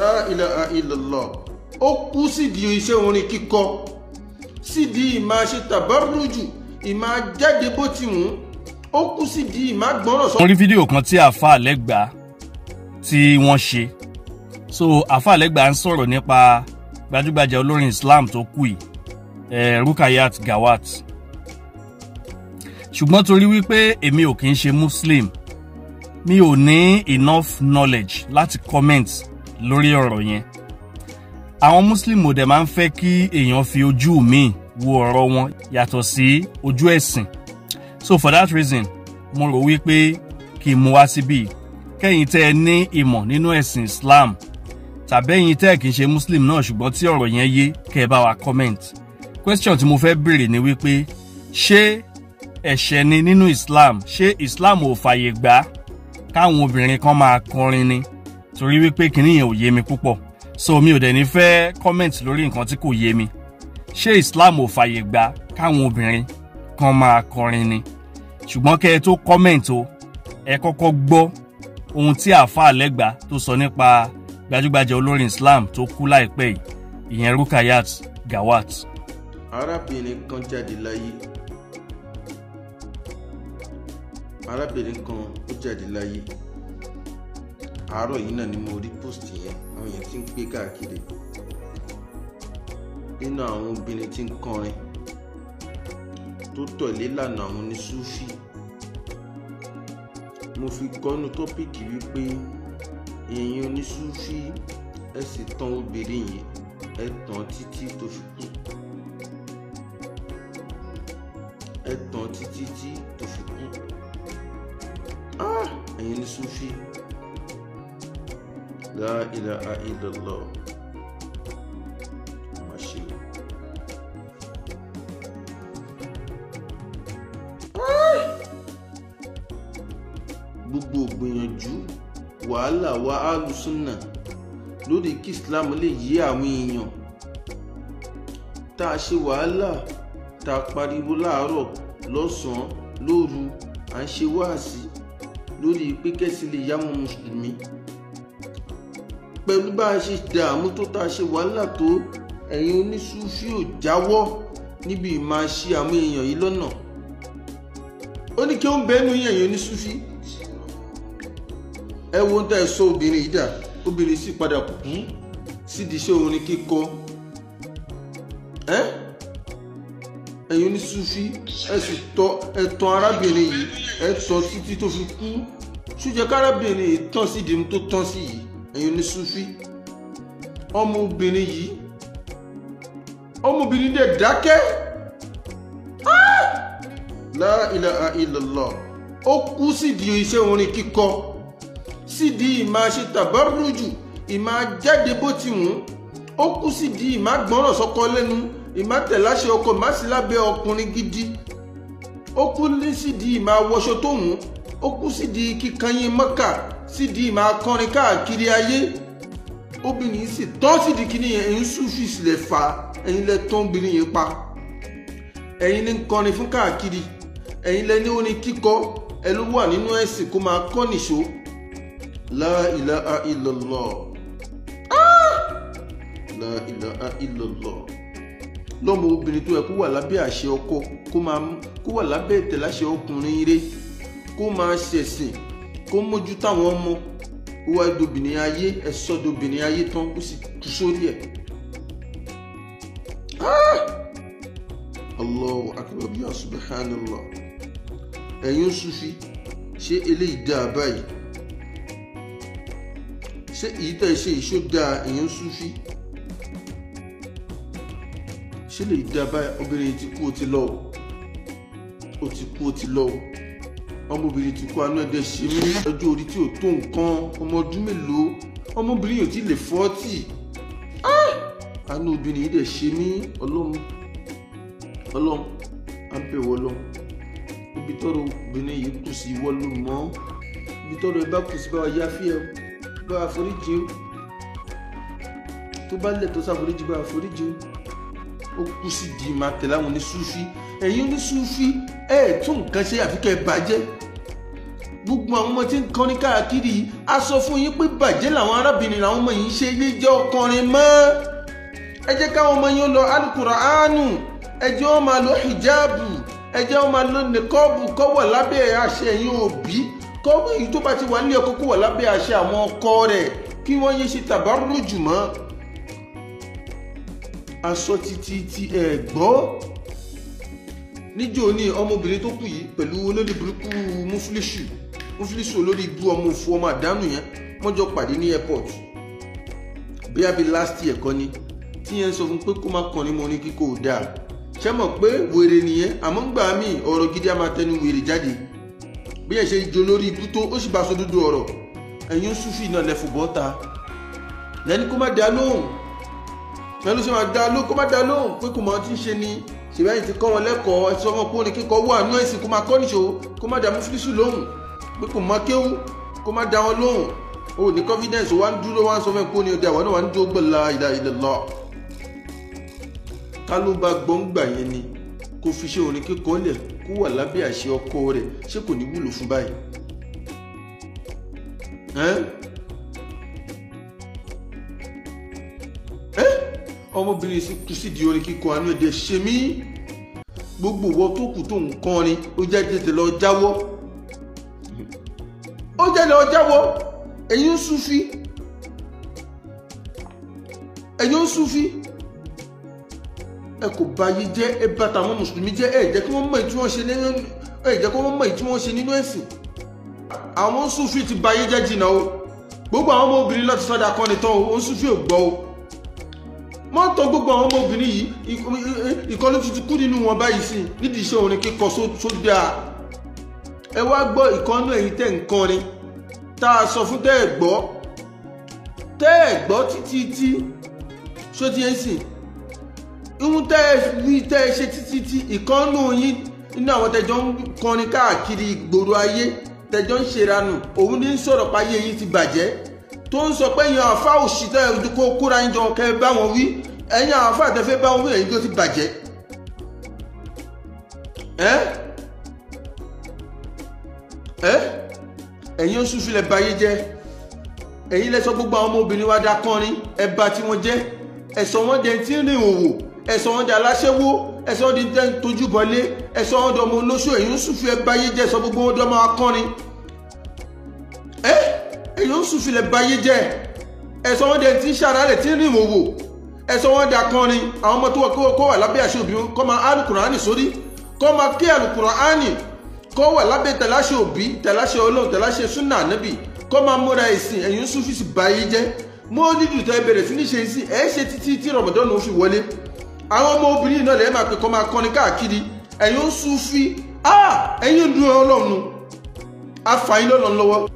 la ilaha illallah ó kú sídìí iṣẹ́ orin kíkọ sídìí ìmáa ṣe tàbárùjù ìmáa jáde bó ti wù ó kú sídìí ìmáa gbọ́rọ̀ sọ. mo fídíò kan tí àfa àlẹ́gbà tí wọ́n ṣe so àfa àlẹ́gbà ń sọ̀rọ̀ nípa gbajúgbajà olórin Islam tó kú yìí eh, Rukayat Gawat ṣùgbọ́n torí wípé èmi ò kì í ṣe Muslim mi ò ní enough knowledge láti comment lórí ọ̀rọ̀ yẹn àwọn muslim ò dẹ̀ máa ń fẹ́ kí èèyàn fi ojú míì wo ọ̀rọ̀ wọn yàtọ̀ sí ojú ẹ̀sìn so for that reason mo rò wípé kí n mú wá síbí kẹ́yìn tẹ́ ẹ ní ìmọ̀ nínú ẹ̀sìn Islam tàbẹ́yìn tẹ́ ẹ kì í ṣe muslim náà ṣùgbọ́n tí ọ̀rọ̀ yẹn yé kẹ́ ẹ bá wa comment question tí mo fẹ́ béèrè ni wípé ṣé ẹ̀ṣẹ̀ ni nínú Islam ṣé Islam ò fàyè gbà káwọn obìnrin kan máa kọrin ni torí wípé kinní yẹn ò yé mi púpọ̀ so mi ò dẹ̀ ní fẹ́ comment lórí nǹkan tí kò yé mi ṣé Islam ò fàyè gbà káwọn obìnrin kan máa kọrin ni ṣùgbọ́n kẹ́ ẹ tó comment o ẹ kọ́kọ́ gbọ́ ohun tí àáfàá lẹ́gbà tó sọ nípa gbajúgbajà olórin Islam tó kú láìpẹ́ yìí ìyẹn Rukayat Gawat. arábìnrin kan jáde láyé arábìnrin kan ó jáde láyé àárọ̀ yìí náà ni mo rí post yẹn àwọn èèyàn ti ń gbé káàkiri nínú àwọn obìnrin tí ń kọrin tó tọ̀lé lànà àwọn oníṣúfì mo fi gọ́nu tọ́pìkì wípé èèyàn oníṣúfì ẹ sì tán obìnrin yìí ẹ tàn títí tó fi kú ẹ tàn títí tí tó fi kú ah! ẹ̀yin oníṣúfì. Ah, la ilaha illallah má ṣe o gbogbo gbìyànjú wàhálà wa alùsùnà lórí kí islam lè yí àwọn èèyàn tá a ṣe wàhálà tá a pariwo láàárọ̀ lọ́sàn lóru à ń ṣe wáàsí lórí pé kẹ́sì lè yá mọ́ mùsùlùmí pẹ̀lú bá a ṣe dààmú tó ta ṣe wàhálà tó ẹ̀yin oníṣúfì ò jáwọ́ níbi ìmáa ṣí àwọn èèyàn yìí lọ́nà ó ní kí ó ń bẹ́nu yín ẹ̀yin oníṣúfì ẹ wo ń tẹ́ ẹ sọ obìnrin yìí dà obìnrin sì padà kú sídìí iṣẹ́ orin kíkọ ẹ̀yin oníṣúfì ẹ sì tàn arábìnrin yìí ẹ tàn títí tó fi kú ṣùjẹ́ kárábìnrin yìí tàn sídìí tó tàn sí yìí ẹ̀yin ní sufi ọmọbìnrin yìí ọmọbìnrin dẹ̀ dákẹ́ ah! la ilaha illallah ó kú sídìí iṣẹ́ orin kíkọ sídìí ìmáa ṣe tàbárùjù ìmáa jáde bó ti wù ó kú sídìí ìmáa gbọ́ràn sọ́kọ lẹ́nu ìmáa tẹ̀láṣẹ ọkọ ìmáa sí lábẹ́ ọkùnrin gidi ó kú sídìí ìmáa wọṣọ tó wù ó kú sídìí kíkan mọ́kà sídìí máa kọrin káàkiri ayé obìnrin sì tán sídìí kíní yẹn ẹ̀yin ṣùṣù ìsìlẹ̀ fà ẹ̀yin lẹ tán obìnrin yẹn pa ẹ̀yin ní kọrin fún káàkiri ẹ̀yin lẹ ní orin kíkọ ẹ ló wà nínú ẹ̀sìn kó máa kọ́ nìṣó la ilaha illallah ah! la ilaha illallah lọ́mọ obìnrin tó yẹ kó wà lábẹ́ àṣẹ ọkọ kó máa kó wà lábẹ́ ìtẹ̀láṣẹ ọkùnrin rẹ kó máa ṣẹ̀sìn kó mójútó àwọn ọmọ ó wá ayé ẹ̀sọ́ dobìnrin ayé tán ó sì kú sórí ẹ̀. Ah! Allahu akbar bí subhanallah ẹ̀yin Sufi ṣé eléyìí dáa báyìí ṣé èyí tẹ̀ ṣe ìṣó dáa ẹ̀yin Sufi ṣé lè dáa báyìí obìnrin ti kú ó ti lọ ó ti kú ó ti lọ ọmọbìnrin tí kú anáde ṣe mí lọ́jọ́ orí tí ò tó nǹkan ọmọ ọdún mélòó ọmọbìnrin yóò ti lè fọ́ọ̀tì àánú ah! obìnrin yìí dẹ̀ ṣe mí ọlọ́run ọlọ́run á bẹ̀ wọ́ ọlọ́run ibi tọ́rọ obìnrin yìí kù sí ìwọ ló mọ̀ ibi tọ́rọ ẹ bá kù sí báwa yáfí ẹ báwa foríjì ó tó bá lẹ̀ tó sáforíjì báwa foríjì ó ó kù sí di màtẹ̀ láwọn oníṣúfí ẹ̀yin oníṣúfí ẹ̀ nǹkan ṣe àfikẹ́ bàjẹ́ gbogbo àwọn ọmọ tí ń kọrin káàkiri a sọ fún yín pé bàjẹ́ làwọn arábìnrin làwọn ọmọ yìí ń ṣe yíjọ́ kọrin mọ́ ẹ jẹ́ káwọn ọmọ yín lọ alukuraanu ẹ jẹ́ wọn máa lo hijabu ẹ jẹ́ wọn máa lo nìkọ́ọ̀bù kọ́wọ̀ lábẹ́ àṣẹ ẹ̀yin òbí kọ́wọ̀ èyí tó bá ti wà nílé ọkọ kó lábẹ́ àṣẹ àwọn ọkọ rẹ̀ kí wọ́n yé ṣe tàbárò jùmọ́ aṣọ títí ti ẹ̀ gbọ́ níjó ní ọmọbìnrin tó kù yìí pẹ̀lú olórí burúkú Wúfílísù olórí ibú ọmọ òfu ọmọ àdánù yẹn wọ́n jọ pàdé ní airport bí abi last year kọ́ ni tí yẹn sọ fún pé kó má kọrin mọ́ ní kíkó o dáa ṣé mọ̀ pé wèrè nìyẹn àmọ́ gbà mí ọ̀rọ̀ gidi a máa tẹnu wèrè jáde bí yẹn ṣe jọ lórí ibú tó ó sì bá aṣọ dúdú ọ̀rọ̀ ẹ̀yin Sufi náà lẹ́fù bọ́ta lẹ́ni kó má dá lóhùn pẹ̀lú ṣe máa dá lóhùn kó má dá lóhùn pé kò mọ ti ń ṣe ni ṣèbáyìí ti kọ́ wọn lẹ́kọ̀ọ́ ẹ̀sọ́ ọmọ pọ́ni kíkọ́ wà nú ẹ̀sìn kó má kọ́ níṣó kó má dá Mufilisu lóhùn pé kò mọ kéwú kó má dá wọn lóhùn o ní confidence wa ń dúró wa ń sọ fún ẹ kó ní ọdẹ àwọn náà wa ń dúró gbọ̀lá ìlà ìlẹ̀ lọ. ká ló bá gbọ́ngbà yẹn ni kó fi ṣe orin kíkọ́ lẹ̀ kó wà lábẹ́ àṣẹ ọkọ rẹ̀ ṣé kò ní wúlò fún báyìí. ọmọbìnrin sì kú sídìí orin kíkọ àánú ẹ̀dẹ̀ ṣe mí gbogbo ìwọ tó kù tó ń kọrin ó jẹ́ tètè lọ jáwọ́ ó jẹ́lẹ̀ ọjẹ́wọ́ èyí ń súfí èyí ń súfí ẹ kò báyé jẹ́ ẹ bá tàwọn mùsùlùmí jẹ́ ẹ jẹ́ kí wọ́n mọ èyí tí wọ́n ṣe nínú ẹ jẹ́ kí wọ́n mọ èyí tí wọ́n ṣe nínú ẹ̀sìn àwọn súfí ti báyé jẹ́ jìnnà o gbogbo àwọn ọmọbìnrin lọ́ti sọ́dà kọ́ni tán o ń súfí ò gbọ́ o mọ́tò gbogbo àwọn ọmọbìnrin yìí ìkọlù tuntun kú nínú wọn báyìí sí nídìí iṣẹ́ orin kíkọ sódà. So, so ẹ wá gbọ́ ìkọ́nú ẹ̀yin tẹ̀ ń kọrin tá a sọ fún tẹ́ ẹ̀ gbọ́ tẹ́ ẹ̀ gbọ́ títí tí ṣó ti ń sìn ihun tẹ́ ẹ rí tẹ́ ẹ ṣe títí tí ìkọ́nú yín nínú àwọn tẹ́jọ́ ń kọrin káàkiri ìgboro ayé tẹ́jọ́ ń ṣèranù òun ní sọ̀rọ̀ páyé yín ti bàjẹ́ tó ń sọ pé yan àfa òṣì tẹ́ ẹ kó kóra yín jọ kẹ́ ẹ bá wọn wí ẹ̀yin àfa àtẹ́fẹ́ bá wọn wí ẹ̀yin tó ti bàjẹ́ ẹ́. Eh? ẹ ẹ̀yin oṣù filẹ̀ báyé jẹ́ ẹ̀yin lẹ́sọ gbogbo àwọn ọmọbìnrin wa dá kọrin ẹ bà tí wọ́n jẹ́ ẹ̀sọ́ wọn dẹ̀ tí ń rìn òwò ẹ̀sọ́ wọn dẹ̀ aláṣẹ́wó ẹ̀sọ́ wọn dẹ̀ ń tójú bọ́lé ẹ̀sọ́ wọn dọ̀ ọmọ olóṣù ẹ̀yin oṣù filẹ̀ báyé jẹ́ ẹ̀sọ́ gbogbo wọn dọ̀ máa kọrin ẹ ẹ̀yin oṣù filẹ̀ báyé jẹ́ ẹ̀sọ́ wọn dẹ̀ tí ń ṣàrálẹ̀ tí ń rìn òwò ẹ̀sọ́ wọn dẹ̀ akọrin àwọn ọmọ tó wọ kó wà lábẹ́ àṣẹ òbí kọ́ máa alukùránì sórí kọ́ máa kí alukùránì kó wà lábẹ́ tẹ̀láṣẹ òbí tẹ̀láṣẹ ọlọ́run tẹ̀láṣẹ súnà ànábì kó máa múra ẹ̀sìn ẹ̀yin sufi sì bá yín jẹ́ mọ́ọ́lídù tẹ́ bẹ̀rẹ̀ sí ní ṣe sí ẹ̀ ṣe títí tí rọ̀mọ̀dọ́nù fi wọlé àwọn ọmọ obìnrin náà lẹ́yìn máa pè kó máa kọ́ni káàkiri ẹ̀yin sufi ah, ẹ̀yin dúró ọlọ́run afàyín lọ́nà lọ́wọ́.